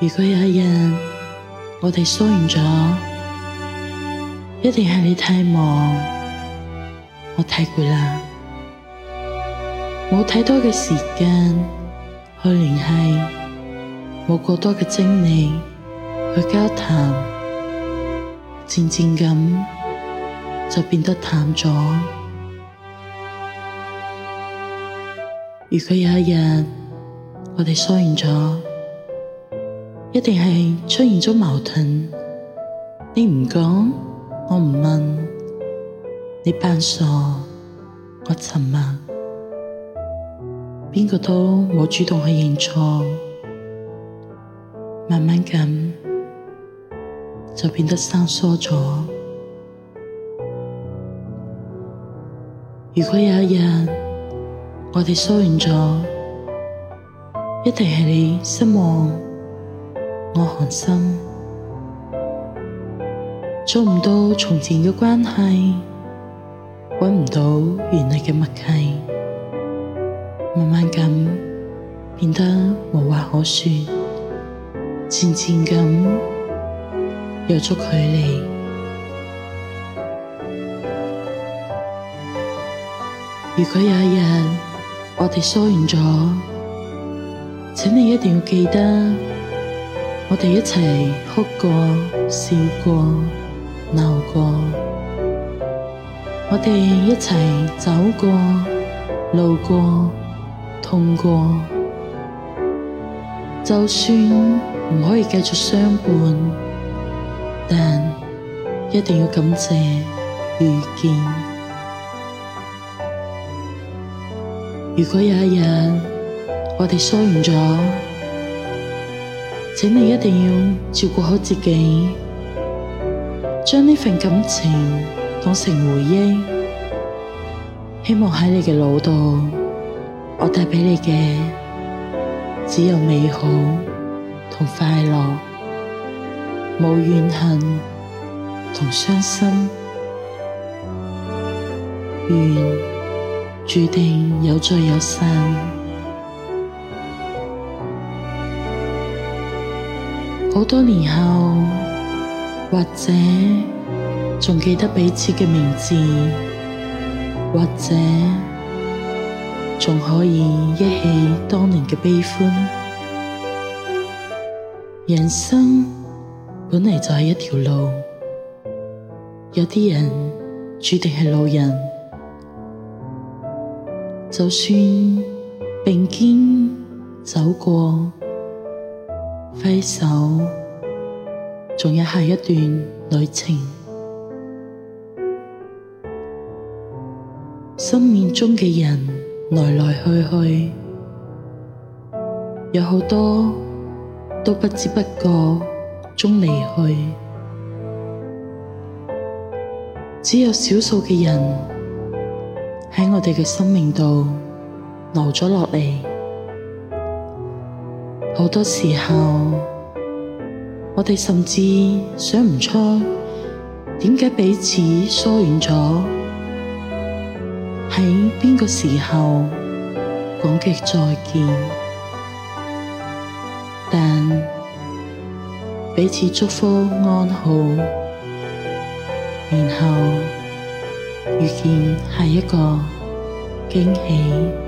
如果有一日我哋疏遠咗，一定係你太忙，我太攰啦，冇太多嘅時間去聯繫，冇過多嘅精力去交談，漸漸咁就變得淡咗。如果有一日我哋疏遠咗。一定係出現咗矛盾，你唔講，我唔問，你扮傻，我沉默，邊個都冇主動去認錯，慢慢咁就變得生疏咗。如果有一日我哋疏遠咗，一定係你失望。我寒心，做唔到從前嘅關係，搵唔到原來嘅默契，慢慢咁變得無話可說，漸漸咁有咗距離。如果有一日我哋疏遠咗，請你一定要記得。我哋一齊哭過、笑過、鬧過，我哋一齊走過、路過、痛過。就算唔可以繼續相伴，但一定要感謝遇見。如果有一日我哋疏遠咗，請你一定要照顧好自己，將呢份感情當成回憶。希望喺你嘅腦度，我帶畀你嘅只有美好同快樂，冇怨恨同傷心。緣注定有聚有散。好多年後，或者仲記得彼此嘅名字，或者仲可以憶起當年嘅悲歡。人生本嚟就係一條路，有啲人注定係路人，就算並肩走過。揮手，仲有下一段旅程。生命中嘅人來來去去，有好多都不知不覺中離去，只有少數嘅人喺我哋嘅生命度留咗落嚟。好多時候，我哋甚至想唔出點解彼此疏遠咗，喺邊個時候講句再見，但彼此祝福安好，然後遇見下一個驚喜。